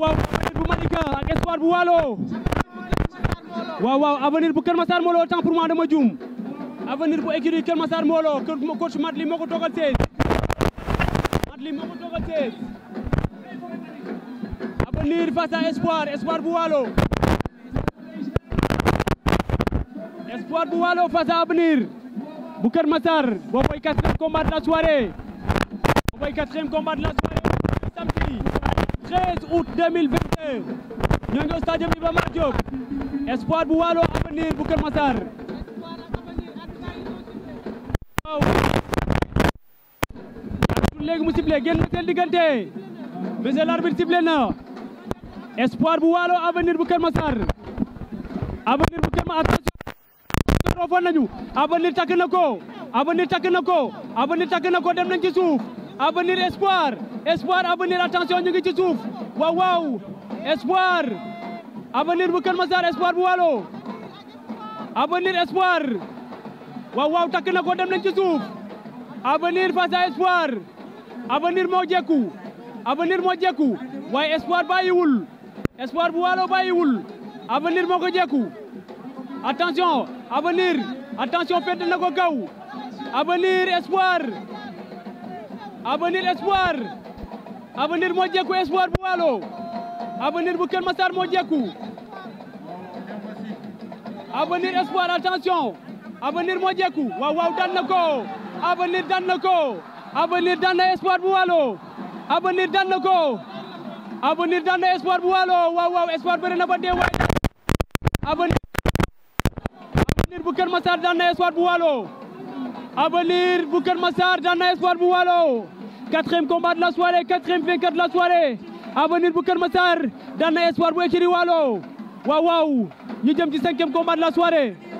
waaw bu Malika espoir waaw waaw avenir bu Kër Massar Molo temps pour moi dama juum avenir pour écurie Kër Massar Molo coach Matli moo ko toogal 16 Matli moo ko 16 avenir face à espoir espoir boualo. espoir boualo face à avenir bu Kër Massar boo koy quatrième combat de la soirée boo koy quatrième combat de la soirée août 2021 ñoo ngi stade Iba Mar Diop espoir bu Waalo avenir bu Kër Massar waaw léegi mu sifflé génn na diggante monsieur l'arbitre sifflé na espoir bu Waalo avenir bu Kër Massar avenir bu Kër Massar rofoon na ko avenir na ko nañ ci suuf avenir ngi ci waaw waaw espoir avenir bu Kër Massar espoir bu Waalo avenir espoir waaw waaw takk ko dem nañ ci suuf avenir face à espoir avenir moo jekku avenir moo jekku waaye espoir bàyyiwul espoir bu Waalo bàyyiwul avenir moo ko jekku attention avenir attention fedd na ko kaw avenir espoir avenir espoir avenir moo jekku espoir bu waalo avenir bu Kër Massar moo jekku avenir espoir attention avenir moo jekku waaw waaw dan na ko avenir dan na ko avenir dan na espoir bu waalo avenir dan na ko avenir dan na espoir bu waalo waaw waaw espoir bëri na ba dee waay avenir avenir bu Kër Massar dan na espoir bu waalo avenir bu Kër Massar dan na espoir bu waalo quatrième combat de la soirée quatrième vainqueur de la soirée avenir venir Kër Massar dans na espoir bu Wallo. Waouh, nous sommes du cinquième combat de la soirée